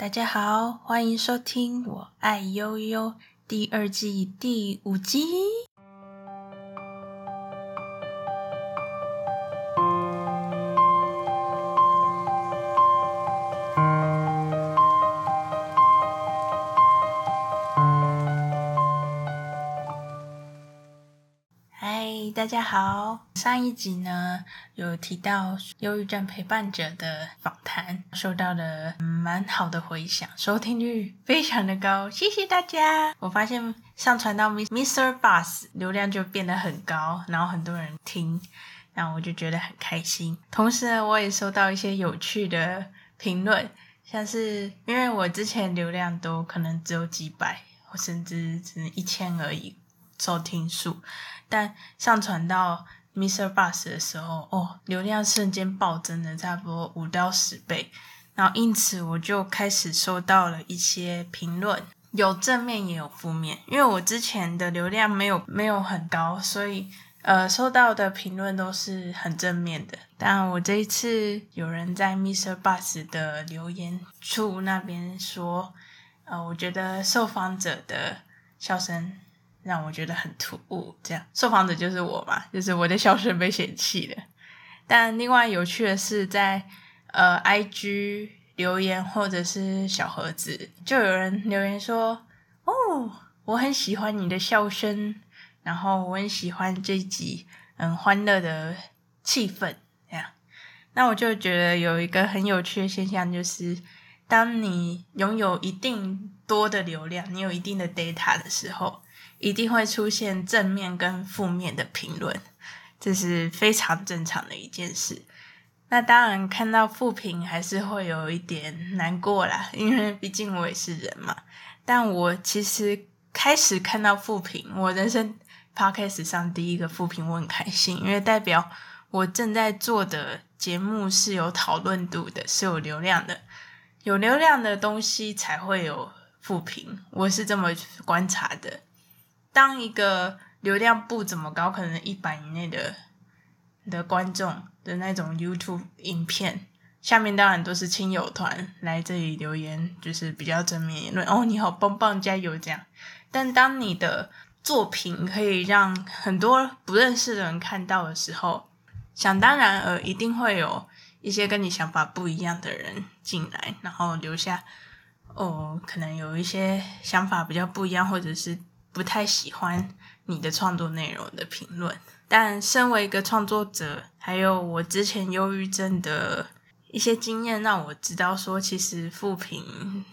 大家好，歡迎收聽《我愛憂憂》第二季第五集。嗨，大家好。上一集呢，有提到憂鬱症陪伴者的訪談，受到了嗯，蠻好的回響，收聽率非常的高，謝謝大家！我發現上傳到 Mr. Bus 流量就變得很高，然後很多人聽，然後我就覺得很開心。同時呢，我也收到一些有趣的評論，像是因為我之前流量都可能只有幾百，或甚至只有一千而已收聽數，但上傳到 Mr. Bus 的時候，哦，流量瞬間暴增了差不多五到十倍，然後因此我就開始收到了一些評論，有正面也有負面。因為我之前的流量沒有沒有很高，所以呃收到的評論都是很正面的。但我這一次有人在 Mr. Bus 的留言處那邊說，呃，我覺得受訪者的笑聲，讓我覺得很突兀，這樣。受訪者就是我嘛，就是我的笑聲被嫌棄的。但另外有趣的是在，在呃，IG 留言或者是小盒子，就有人留言說：“哦，我很喜歡你的笑聲，然後我很喜歡這集很歡樂的氣氛。”這樣，那我就覺得有一個很有趣的現象，就是當你擁有一定多的流量，你有一定的 data 的時候，一定會出現正面跟負面的評論，這是非常正常的一件事。那當然看到負評還是會有一點難過啦，因為畢竟我也是人嘛。但我其實開始看到負評，我人生 podcast 史上第一個負評，我很開心，因為代表我正在做的節目是有討論度的，是有流量的。有流量的東西才會有負評，我是這麼觀察的。當一個流量不怎麼高，可能一百以內的的觀眾的那種 YouTube 影片，下面當然都是親友團來這裡留言，就是比較正面言論哦，你好棒棒，加油這樣。但當你的作品可以讓很多不認識的人看到的時候，想當然呃，一定會有一些跟你想法不一樣的人進來，然後留下哦，可能有一些想法比較不一樣，或者是。不太喜歡你的創作內容的評論，但身為一個創作者，還有我之前憂鬱症的一些經驗，讓我知道說，其實負評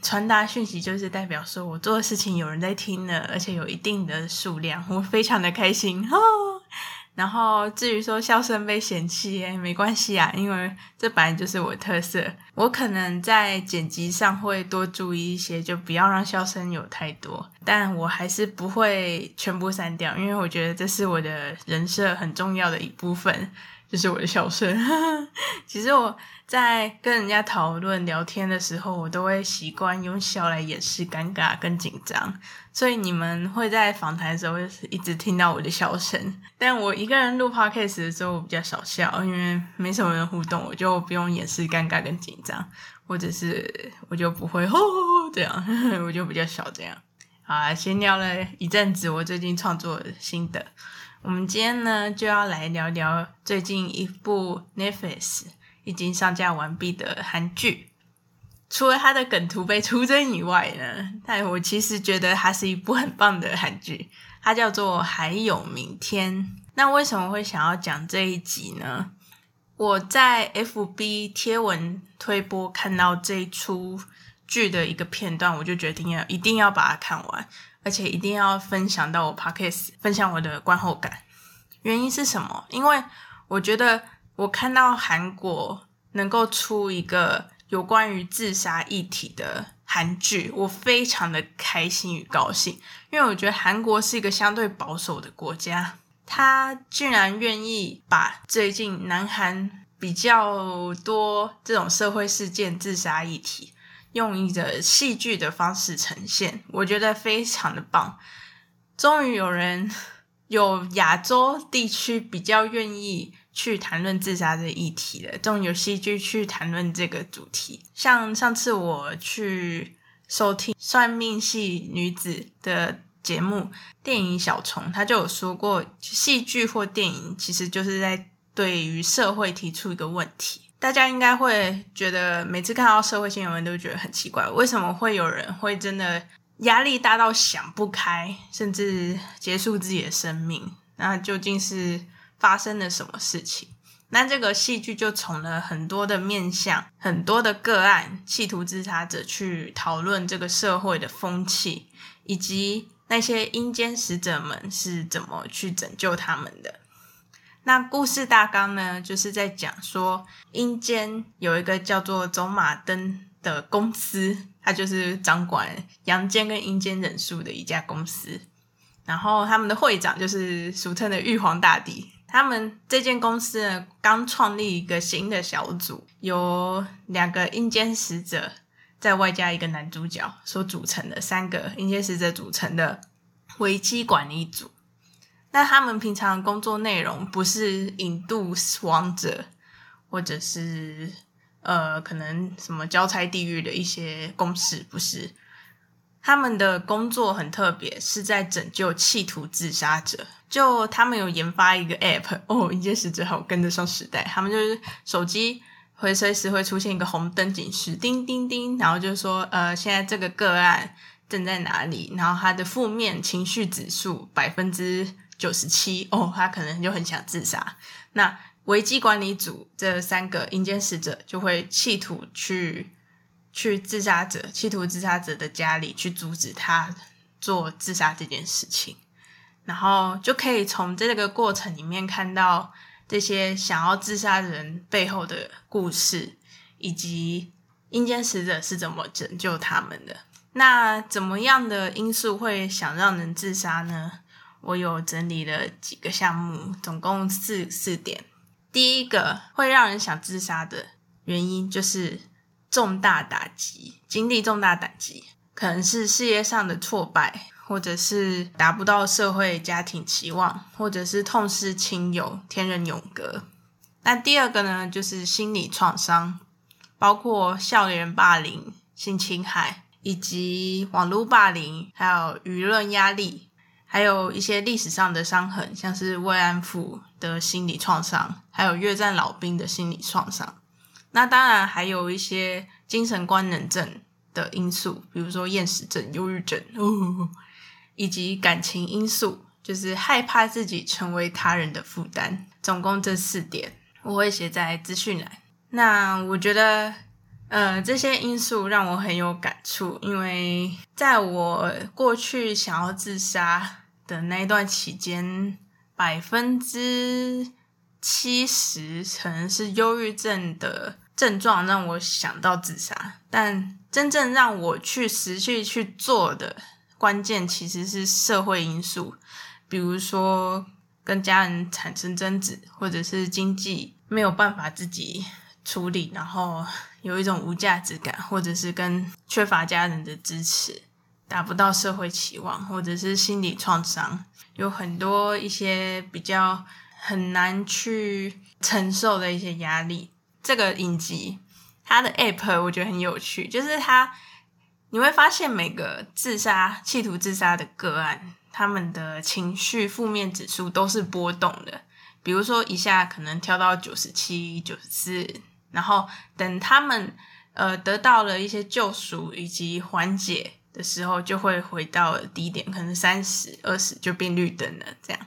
傳達訊息就是代表說我做的事情有人在聽了，而且有一定的數量，我非常的開心哈。哦然後，至於說笑聲被嫌棄，欸，沒關係啊，因為這本來就是我的特色。我可能在剪輯上會多注意一些，就不要讓笑聲有太多，但我還是不會全部刪掉，因為我覺得這是我的人設很重要的一部分。這是我的笑聲。其實我在跟人家討論聊天的時候，我都會習慣用笑來掩飾尷尬跟緊張，所以你們會在訪談的時候是一直聽到我的笑聲。但我一個人錄 podcast 的時候，我比較少笑，因為沒什麼人互動，我就不用掩飾尷尬跟緊張，或者是我就不會吼吼吼這樣，我就比較少這樣。好啦，先聊了一陣子我最近創作的心得我們今天呢，就要來聊聊最近一部 Netflix 已經上架完畢的韓劇。除了它的梗圖被出征以外呢，但我其實覺得它是一部很棒的韓劇，它叫做《還有明天》。那為什麼會想要講這一集呢？我在 FB 貼文推播看到這一出劇的一個片段，我就決定要一定要把它看完。而且一定要分享到我 Podcast，分享我的觀後感。原因是什麼？因為我覺得我看到韓國能夠出一個有關於自殺議題的韓劇，我非常的開心與高興。因為我覺得韓國是一個相對保守的國家，他居然願意把最近南韓比較多這種社會事件、自殺議題。用一個戲劇的方式呈現，我覺得非常的棒。終於有人有亞洲地區比較願意去談論自殺的議題了，終於有戲劇去談論這個主題，像上次我去收聽《算命系女子》的節目《電影小蟲》，他就有說過，戲劇或電影其實就是在對於社會提出一個問題。大家應該會覺得，每次看到社會新聞，都覺得很奇怪，為什麼會有人會真的壓力大到想不開，甚至結束自己的生命？那究竟是發生了什麼事情？那這個戲劇就從了很多的面向，很多的個案，企圖自殺者去討論這個社會的風氣，以及那些陰間使者們是怎麼去拯救他們的。那故事大綱呢，就是在講說，陰間有一個叫做走馬燈的公司，它就是掌管陽間跟陰間人數的一家公司。然後他們的會長就是俗稱的玉皇大帝。他們這間公司呢，剛創立一個新的小組，由兩個陰間使者，再外加一個男主角所組成的三個陰間使者組成的危機管理組。但他們平常工作內容不是引渡死亡者，或者是呃，可能什麼交差地獄的一些公事，不是他們的工作很特別，是在拯救企圖自殺者。就他們有研發一個 app 哦，一件事之後跟得上時代。他們就是手機會隨時會出現一個紅燈警示，叮叮叮，然後就說，呃，現在這個個案正在哪裡，然後他的負面情緒指數百分之。九十七哦，他可能就很想自殺。那危機管理組這三個陰間使者就會企圖去去自殺者、企圖自殺者的家裡去阻止他做自殺這件事情，然後就可以從這個過程裡面看到這些想要自殺的人背後的故事，以及陰間使者是怎麼拯救他們的。那怎麼樣的因素會想讓人自殺呢？我有整理了幾個項目，總共四四點。第一個會讓人想自殺的原因就是重大打擊，經歷重大打擊，可能是事業上的挫敗，或者是達不到社會家庭期望，或者是痛失親友，天人永隔。那第二個呢，就是心理創傷，包括校園霸凌、性侵害，以及網路霸凌，還有輿論壓力。還有一些歷史上的傷痕，像是慰安婦的心理創傷，還有越戰老兵的心理創傷。那當然還有一些精神官能症的因素，比如說厭食症、憂鬱症，哦，以及感情因素，就是害怕自己成為他人的負擔。總共這四點，我會寫在資訊欄。那我覺得。呃，這些因素讓我很有感觸，因為在我過去想要自殺的那一段期間，百分之七十可能是憂鬱症的症狀讓我想到自殺，但真正讓我去實際去做的關鍵其實是社會因素，比如說跟家人產生爭執，或者是經濟沒有辦法自己。處理，然後有一種無價值感，或者是跟缺乏家人的支持，達不到社會期望，或者是心理創傷，有很多一些比較很難去承受的一些壓力。這個影集它的 App 我覺得很有趣，就是它你會發現每個自殺、企圖自殺的個案，他們的情緒負面指數都是波動的，比如說一下可能跳到九十七、九十四。然後等他們呃得到了一些救贖以及緩解的時候，就會回到低點，可能三十、二十就變綠燈了。這樣，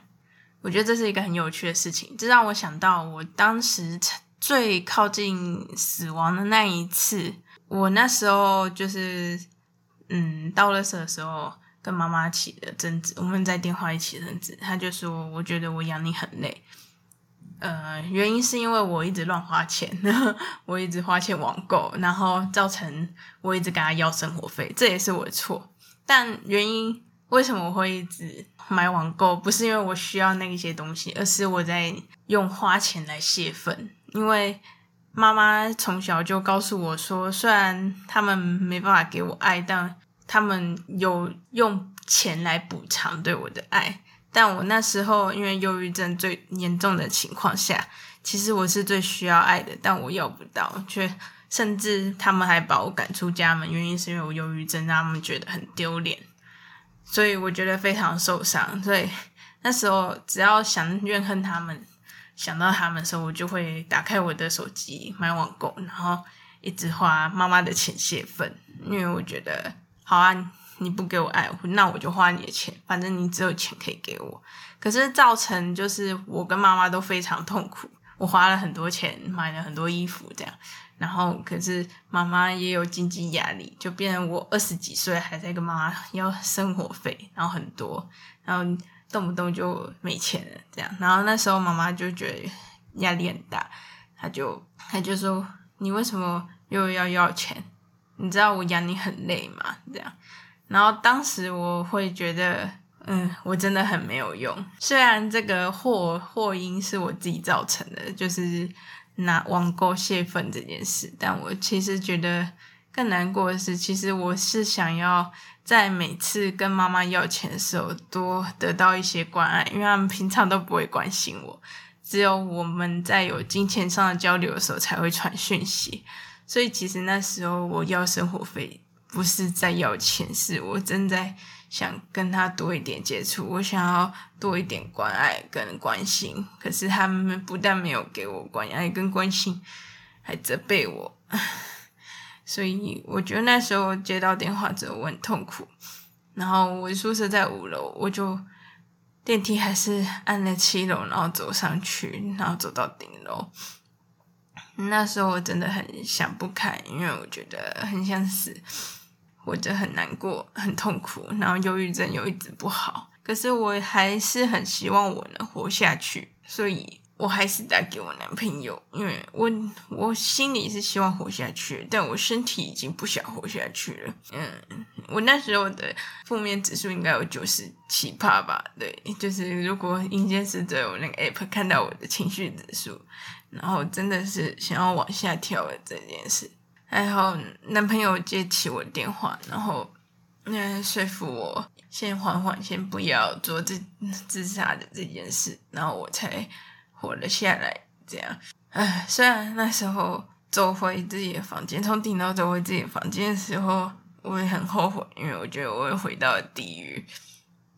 我覺得這是一個很有趣的事情。這讓我想到我當時最靠近死亡的那一次。我那時候就是嗯，到了室的時候跟媽媽起了爭執，我們在電話一起爭執。他就說：“我覺得我養你很累。”呃，原因是因為我一直亂花錢，呵呵，我一直花錢網購，然後造成我一直跟他要生活費，這也是我的錯。但原因為什麼我會一直買網購，不是因為我需要那一些東西，而是我在用花錢來洩憤。因為媽媽從小就告訴我說，雖然他們沒辦法給我愛，但他們有用錢來補償對我的愛。但我那時候因為憂鬱症最嚴重的情況下，其實我是最需要愛的，但我要不到，卻甚至他們還把我趕出家門，原因是因為我憂鬱症讓他們覺得很丟臉，所以我覺得非常受傷。所以那時候只要想怨恨他們，想到他們的時候，我就會打開我的手機買網購，然後一直花媽媽的錢洩憤，因為我覺得好啊。你不給我愛護，那我就花你的錢，反正你只有錢可以給我。可是造成就是我跟媽媽都非常痛苦。我花了很多錢，買了很多衣服這樣，然後可是媽媽也有經濟壓力，就變成我二十幾歲還在跟媽媽要生活費，然後很多，然後動不動就沒錢了這樣。然後那時候媽媽就覺得壓力很大，她就她就說：“你為什麼又要要錢？你知道我養你很累嗎？”這樣。然後當時我會覺得，嗯，我真的很沒有用。雖然這個禍禍因是我自己造成的，就是拿網購洩憤這件事，但我其實覺得更難過的是，其實我是想要在每次跟媽媽要錢的時候多得到一些關愛，因為他們平常都不會關心我，只有我們在有金錢上的交流的時候才會傳訊息。所以其實那時候我要生活費。不是在要錢，是我正在想跟他多一點接觸，我想要多一點關愛跟關心。可是他們不但沒有給我關愛跟關心，還責備我。 所以我覺得那時候接到電話之後我很痛苦。然後我宿舍在五樓，我就電梯還是按了七樓，然後走上去，然後走到頂樓。那時候我真的很想不開，因為我覺得很想死。我就很難過，很痛苦，然後憂鬱症又一直不好，可是我還是很希望我能活下去，所以我還是打給我男朋友，因為我我心裡是希望活下去，但我身體已經不想活下去了。嗯，我那時候的負面指數應該有九十七趴吧？對，就是如果陰間使者我那個 app 看到我的情緒指數，然後真的是想要往下跳了這件事。然後男朋友接起我的電話，然後嗯說服我先緩緩，先不要做自自殺的這件事，然後我才活了下來。這樣，唉，雖然那時候走回自己的房間，從頂樓走回自己的房間的時候，我也很後悔，因為我覺得我會回到地獄，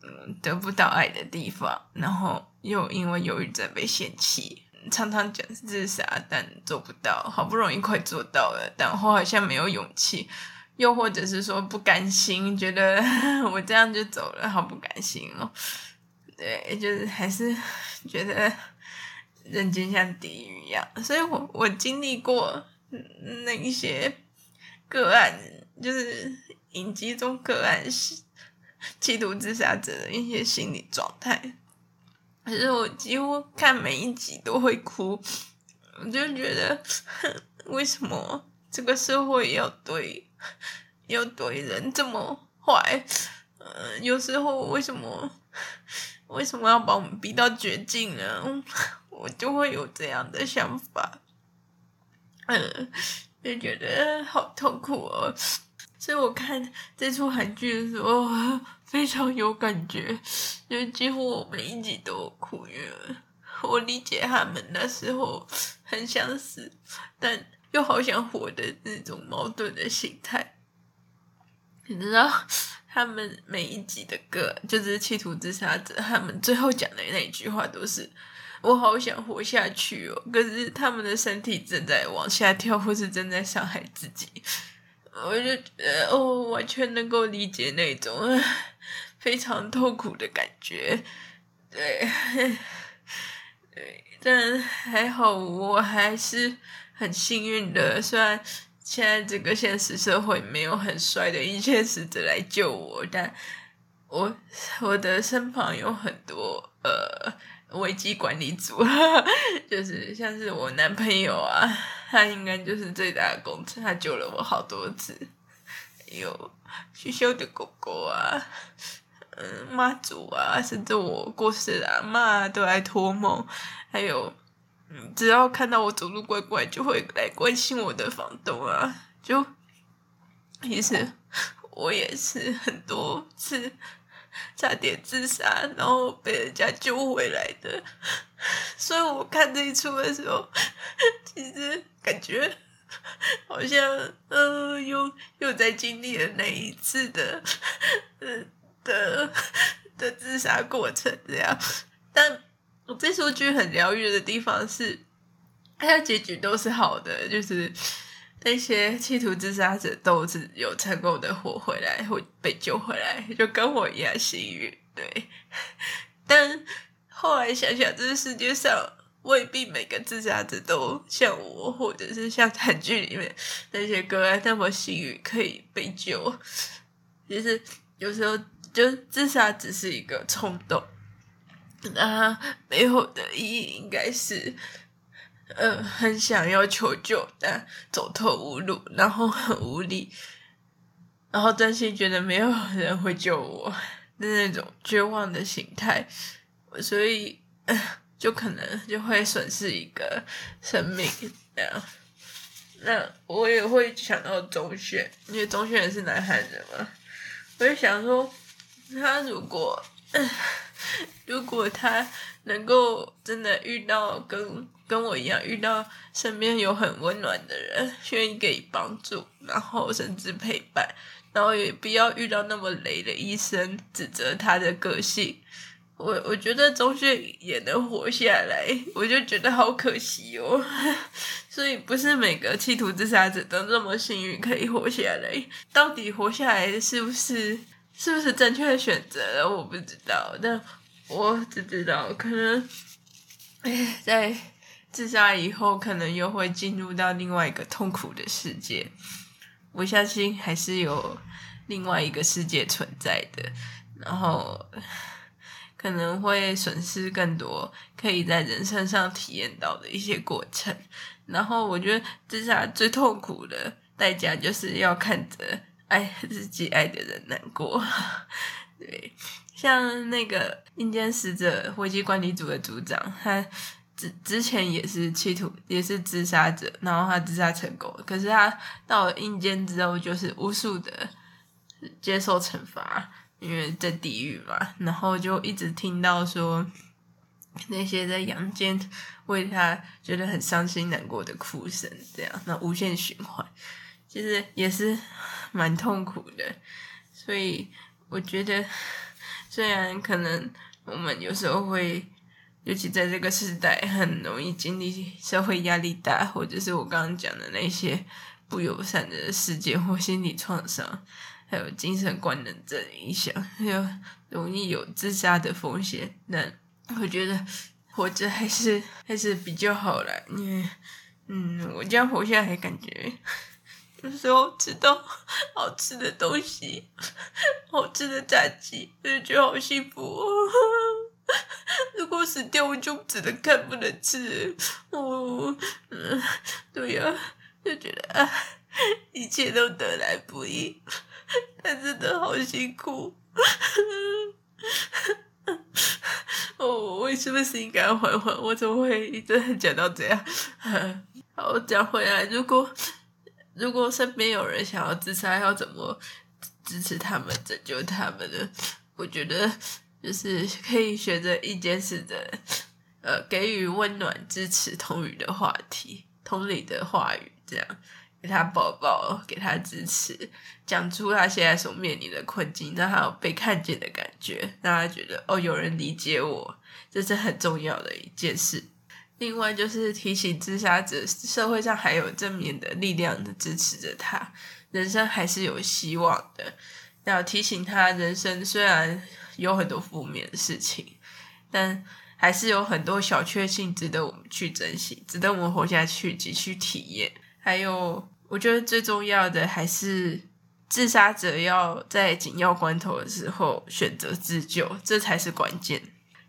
嗯，得不到愛的地方，然後又因為猶豫在被嫌棄。常常講是自殺，但做不到。好不容易快做到了，但我好像沒有勇氣，又或者是說不甘心，覺得我這樣就走了，好不甘心哦。對，就是還是覺得人間像地獄一樣。所以我我經歷過那一些個案，就是影集中個案，是企圖自殺者的一些心理狀態。可是我幾乎看每一集都會哭，我就覺得為什麼這個社會要對要對人這麼壞？呃，有時候為什麼為什麼要把我們逼到絕境呢？我就會有這樣的想法，嗯，呃，就覺得好痛苦哦。所以我看這齣韓劇的時候非常有感覺，因為幾乎我每一集都哭了，因為我理解他們那時候很想死，但又好想活的那種矛盾的心態。你知道，他們每一集的歌就是企圖自殺者，他們最後講的那一句話都是“我好想活下去哦”，可是他們的身體正在往下跳，或是正在傷害自己。我就覺得哦，完全能夠理解那種非常痛苦的感覺，對，對，但還好我還是很幸運的，雖然現在這個現實社會沒有很帥的陰間使者來救我，但我我的身旁有很多呃。危機管理組、啊，就是像是我男朋友啊，他應該就是最大的功臣，他救了我好多次。還有學秀的狗狗啊，嗯，媽祖啊，甚至我過世阿嬤都來托夢，還有，只、嗯、要看到我走路怪怪，就會來關心我的房東啊，就其實我也是很多次。差點自殺，然後被人家救回來的。所以我看這一出的時候，其實感覺好像，呃，又又在經歷了那一次的，的的，的自殺過程這樣。但我這出劇很療癒的地方是，它結局都是好的，就是。那些企圖自殺者都是有成功的活回來，或被救回來，就跟我一樣幸運，對。但後來想想，這世界上未必每個自殺者都像我，或者是像韓劇裡面那些哥啊那麼幸運可以被救。其實有時候，就自殺只是一個衝動，那背後沒有的意義應該是。嗯、呃，很想要求救，但走投無路，然後很無力，然後真心覺得沒有人會救我的那種絕望的心態，所以、呃、就可能就會損失一個生命那樣。那我也會想到鐘鉉，因為鐘鉉也是南韓人嘛，我就想說他如果、呃、如果他。能夠真的遇到跟跟我一樣，遇到身邊有很溫暖的人，願意給你幫助，然後甚至陪伴，然後也不要遇到那麼累的醫生指責他的個性。我我覺得中雪也能活下來，我就覺得好可惜哦。 所以不是每個企圖自殺者都那麼幸運可以活下來。到底活下來是不是是不是正確的選擇？我不知道，但。我只知道，可能，誒，在自殺以後，可能又會進入到另外一個痛苦的世界。我相信還是有另外一個世界存在的，然後可能會損失更多可以在人身上體驗到的一些過程。然後我覺得自殺最痛苦的代價，就是要看着愛自己愛的人難過，對。像那個陰間使者危機管理組的組長，他之之前也是企圖也是自殺者，然後他自殺成功，可是他到了陰間之後，就是無數的接受懲罰，因為在地獄嘛，然後就一直聽到說那些在陽間為他覺得很傷心難過的哭聲，這樣，那無限循環，其實也是蠻痛苦的，所以我覺得。雖然可能我們有時候會，尤其在這個時代，很容易經歷社會壓力大，或者是我剛剛講的那些不友善的事件或心理創傷，還有精神官能的影響，又容易有自殺的風險。但我覺得活着還是還是比較好啦，因為嗯，我這樣活下來，感覺。有時候吃到好吃的東西，好吃的炸雞，就覺得好幸福、哦。如果死掉，我就只能看不能吃。我、哦，嗯，對呀、啊，就覺得啊，一切都得來不易，但真的好辛苦。哦、我為什麼是應該緩緩？我怎麼會一直講到這樣、嗯？好，講回來，如果。如果身邊有人想要自殺，要怎麼支持他們、拯救他們呢？我覺得就是可以選擇一件事的，呃，給予溫暖、支持、同理的話題、同理的話語，這樣給他抱抱，給他支持，講出他現在所面臨的困境，讓他有被看見的感覺，讓他覺得哦，有人理解我，這是很重要的一件事。另外就是提醒自殺者，社會上還有正面的力量的支持着他，人生還是有希望的。要提醒他，人生雖然有很多負面的事情，但還是有很多小確幸值得我們去珍惜，值得我們活下去及去體驗。還有，我覺得最重要的還是，自殺者要在緊要關頭的時候選擇自救，這才是關鍵。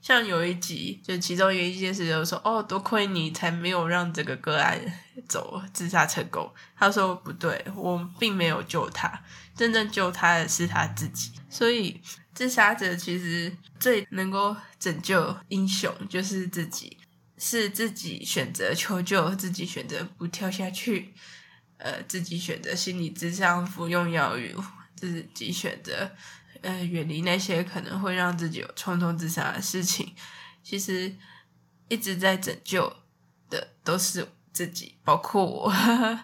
像有一集，就其中有一件事，就是說，哦，多虧你才沒有讓這個個案走自殺成功。他說不對，我並沒有救他，真正救他的是他自己。所以，自殺者其實最能夠拯救英雄就是自己，是自己選擇求救，自己選擇不跳下去，呃，自己選擇心理諮商，服用藥物，自己選擇。呃，遠離那些可能會讓自己有衝動自殺的事情。其實一直在拯救的都是自己，包括我，呵呵，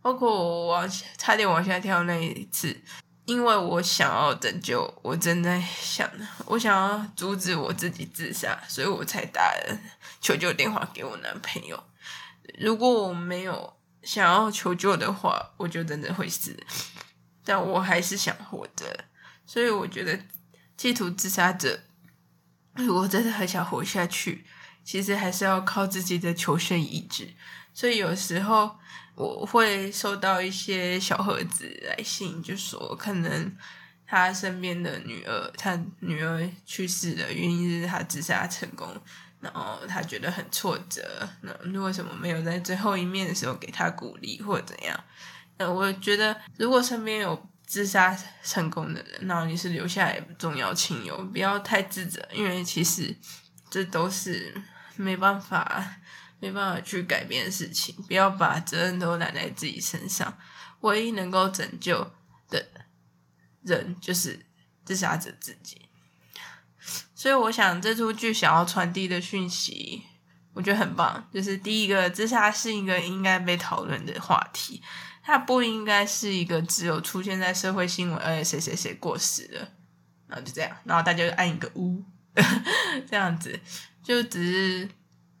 包括我往下，差點往下跳那一次，因為我想要拯救，我正在想，我想要阻止我自己自殺，所以我才打了求救電話給我男朋友。如果我沒有想要求救的話，我就真的會死。但我還是想活着。所以我覺得，企圖自殺者如果真的很想活下去，其實還是要靠自己的求生意志。所以有時候我會收到一些小盒子來信，就說可能他身邊的女兒，他女兒去世的原因是他自殺成功，然後他覺得很挫折。那為什麼沒有在最後一面的時候給他鼓勵，或怎樣？呃，我覺得如果身邊有自殺成功的人，然後你是留下來重要親友，不要太自責，因為其實這都是沒辦法、沒辦法去改變的事情。不要把責任都攬在自己身上，唯一能夠拯救的人就是自殺者自己。所以，我想這齣劇想要傳遞的訊息，我覺得很棒，就是第一個，自殺是一個應該被討論的話題。他不應該是一個只有出現在社會新聞，哎，誰誰誰過世了，然後就這樣，然後大家就按一個嗚， 這樣子就只是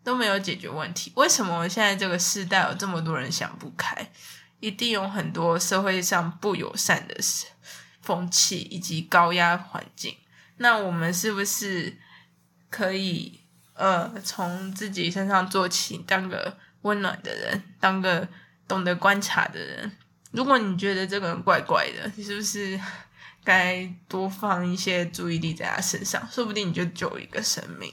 都沒有解決問題。為什麼現在這個世代有這麼多人想不開？一定有很多社會上不友善的風氣以及高壓環境。那我們是不是可以呃從自己身上做起，當個溫暖的人，當個。懂得觀察的人，如果你覺得這個人怪怪的，你是不是該多放一些注意力在他身上？說不定你就救一個生命。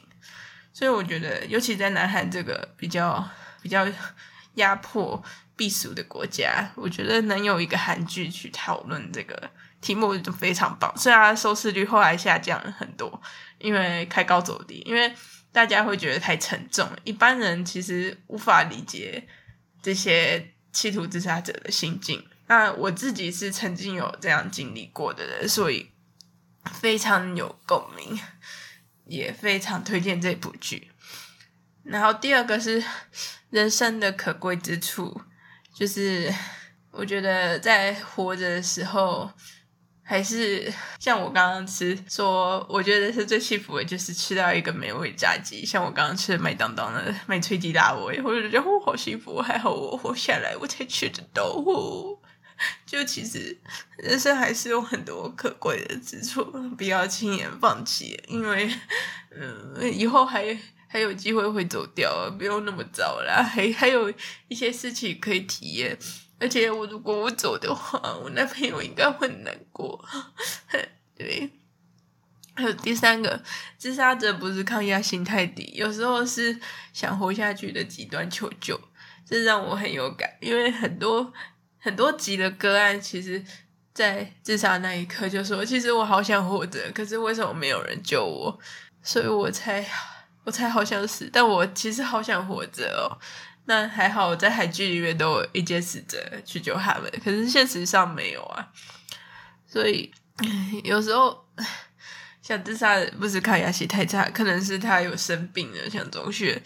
所以我覺得，尤其在南韓這個比較比較壓迫、避俗的國家，我覺得能有一個韓劇去討論這個題目就非常棒。雖然收視率後來下降了很多，因為開高走低，因為大家會覺得太沉重，一般人其實無法理解這些。企圖自殺者的心境。那我自己是曾經有這樣經歷過的人，所以非常有共鳴，也非常推薦這部劇。然後第二個是人生的可貴之處，就是我覺得在活着的時候。還是像我剛剛吃，說我覺得是最幸福的，就是吃到一個美味炸雞。像我剛剛吃的麥當當的麥脆雞辣味，我就覺得我好幸福，還好我活下來，我才吃得到。就其實人生還是有很多可貴的之處，不要輕言放棄，因為嗯、呃，以後還還有機會會走掉，不用那麼早啦，還還有一些事情可以體驗。而且我如果我走的話，我男朋友應該會難過。對，還有第三個，自殺者不是抗壓性太低，有時候是想活下去的極端求救。這讓我很有感，因為很多很多集的個案，其實，在自殺那一刻就說：“其實我好想活着，可是為什麼沒有人救我？所以我才我才好想死，但我其實好想活着哦。”那還好，我在韓劇裡面都一直試著去救他們，可是現實上沒有啊。所以有時候想自殺，不是抗壓性太差，可能是他有生病了，像中雪，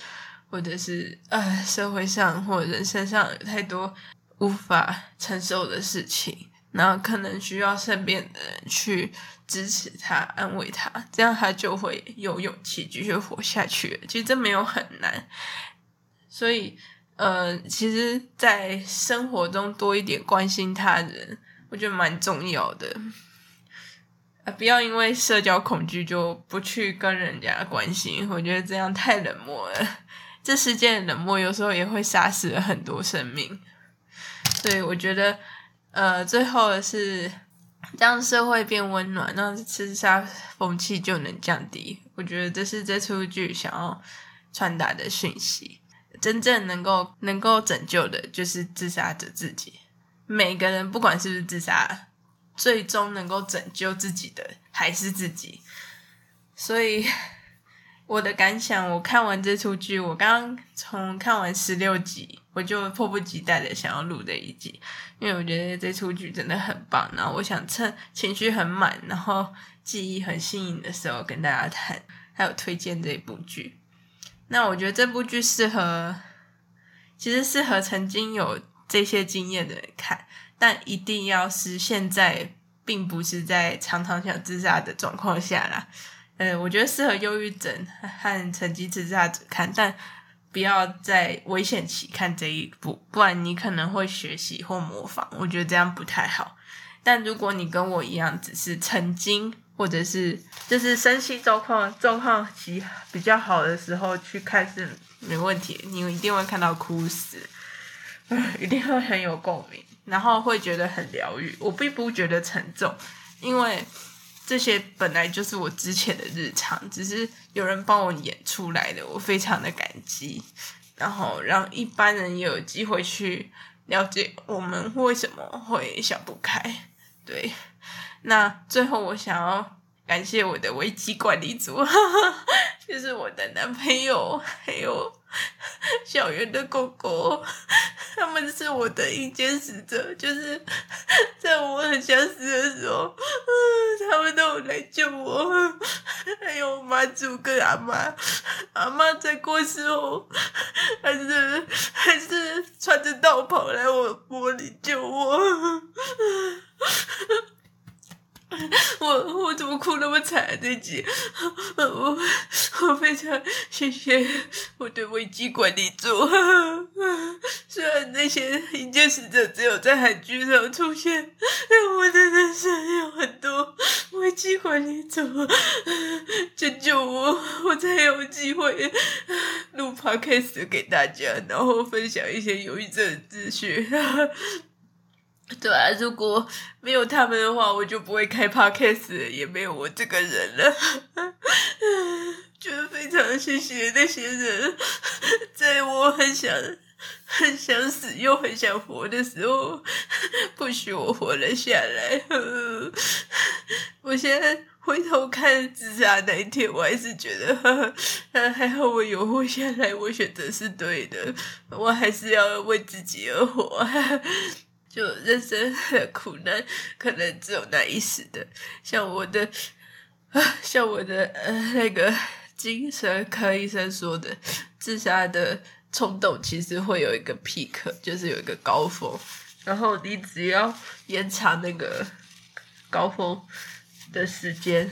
或者是、呃、社會上或人身上有太多無法承受的事情，然後可能需要身邊的人去支持他、安慰他，這樣他就會有勇氣繼續活下去。其實這沒有很難，所以。呃，其實，在生活中多一點關心他人，我覺得蠻重要的。呃，不要因為社交恐懼就不去跟人家關心，我覺得這樣太冷漠了。這世界的冷漠有時候也會殺死了很多生命，所以我覺得，呃，最後的是讓社會變溫暖，讓自殺風氣就能降低。我覺得這是這出劇想要傳達的訊息。真正能夠能夠拯救的，就是自殺者自己。每個人不管是不是自殺，最終能夠拯救自己的還是自己。所以，我的感想，我看完這出劇，我剛從看完十六集，我就迫不及待的想要錄這一集，因為我覺得這出劇真的很棒。然後，我想趁情緒很滿，然後記憶很新穎的時候，跟大家談，還有推薦這一部劇。那我覺得這部劇適合，其實適合曾經有這些經驗的人看，但一定要是現在並不是在常常想自殺的狀況下啦。呃，我覺得適合憂鬱症和曾經自殺者看，但不要在危險期看這一部，不然你可能會學習或模仿，我覺得這樣不太好。但如果你跟我一樣，只是曾經。或者是就是身心狀況狀況其實比較好的時候去看是沒問題，你們一定會看到哭死，呃、一定會很有共鳴，然後會覺得很療癒。我並不覺得沉重，因為這些本來就是我之前的日常，只是有人幫我演出來的，我非常的感激。然後讓一般人也有機會去了解我們為什麼會想不開，對。那最後，我想要感謝我的危機管理組，哈哈，就是我的男朋友，還有小圓的狗狗，他們是我的一間使者。就是在我很想死的時候，他們都有來救我。還有我媽祖跟阿媽，阿媽在過世後，還是還是穿着道袍來我屋裡救我。我我怎麼哭那麼慘？這集，我我非常謝謝我的危機管理組。雖然那些陰間使者只有在韓劇上出現，但我真的人生有很多危機管理組，拯救我，我才有機會錄 podcast 給大家，然後分享一些憂鬱症的資訊。對啊，如果沒有他們的話，我就不會開 podcast，也沒有我這個人了。 就是非常謝謝那些人，在我很想很想死又很想活的時候，不許我活了下來。 我現在回頭看自殺那一天，我還是覺得還 還好，我有活下來，我選擇是對的，我還是要為自己而活。 就人生的苦難，可能只有那一時的。像我的，啊，像我的、呃、那個精神科醫生說的，自殺的衝動其實會有一個 peak，就是有一個高峰。然後你只要延長那個高峰的時間，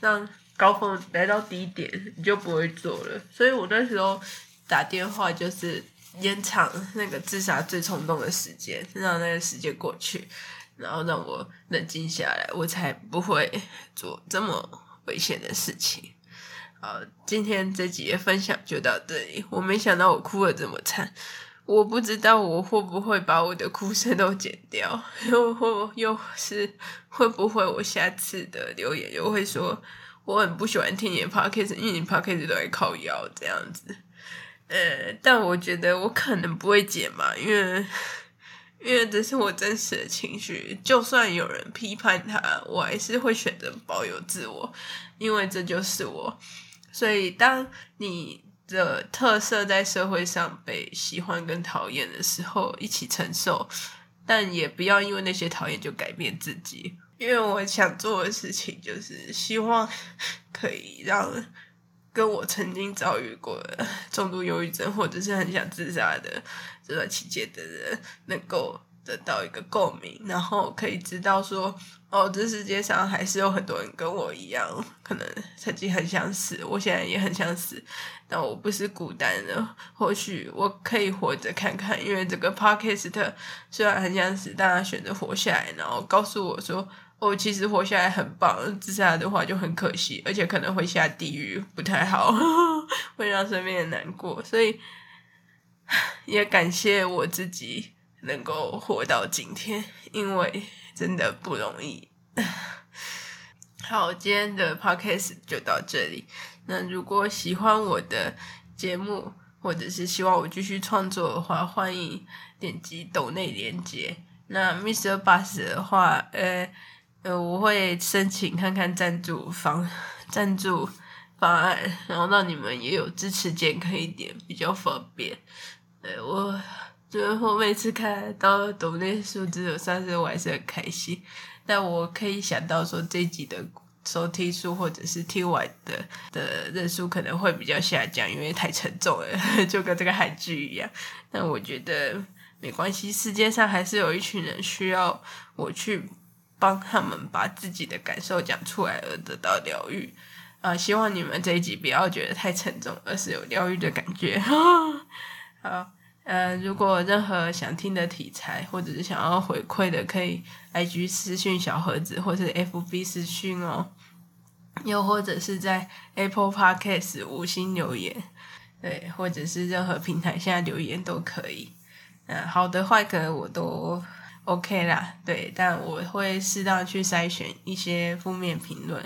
讓高峰來到低點，你就不會做了。所以我那時候打電話就是。延長那個自殺最衝動的時間，讓那個時間過去，然後讓我冷靜下來，我才不會做這麼危險的事情。好，今天這幾頁分享就到這裡。我沒想到我哭得這麼慘，我不知道我會不會把我的哭聲都剪掉，又或又是會不會我下次的留言又會說我很不喜歡聽你的 Podcast 因為你 Podcast 都在靠腰這樣子。呃、欸，但我覺得我可能不會剪嘛，因為因為這是我真實的情緒，就算有人批判他，我還是會選擇保有自我，因為這就是我。所以，當你的特色在社會上被喜歡跟討厭的時候，一起承受，但也不要因為那些討厭就改變自己，因為我想做的事情就是希望可以讓。跟我曾經遭遇過的重度憂鬱症，或者是很想自殺的這段期間的人，能夠得到一個共鳴，然後可以知道說。哦，這世界上還是有很多人跟我一樣，可能曾經很想死，我現在也很想死，但我不是孤單的，或許我可以活着看看。因為這個 Podcast 雖然很想死，但他選擇活下來，然後告訴我說：“我、哦、其實活下來很棒，自殺的話就很可惜，而且可能會下地獄，不太好，呵呵會讓身邊人難過。”所以也感謝我自己能夠活到今天，因為。真的不容易。 好，今天的 podcast 就到這裡。那如果喜歡我的節目，或者是希望我繼續創作的話，歡迎點擊抖內連接。那 Mr. Bus 的話，呃呃，我會申請看看贊助方贊助方案，然後讓你們也有支持健可以點，比較方便。呃、我。以後每次看到讀那些數字有三十，我還是很開心。但我可以想到說，這一集的收聽數或者是聽完的的人數可能會比較下降，因為太沉重了，就跟這個韓劇一樣。但我覺得沒關係，世界上還是有一群人需要我去幫他們把自己的感受講出來而得到療癒啊、呃！希望你們這一集不要覺得太沉重，而是有療癒的感覺啊！呃，如果任何想聽的題材，或者是想要回饋的，可以 I G 私信小盒子，或是 F B 私信哦，又或者是在 Apple Podcast 五星留言，對，或者是任何平台下留言都可以。嗯、呃，好的壞的我都 O、OK、K 啦，對，但我會適當去篩選一些負面評論。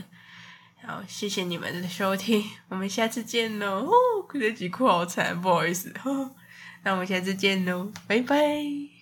好，謝謝你們的收聽，我們下次見嘍。這集哭得好慘，不好意思。那我們下次見嘍，拜拜。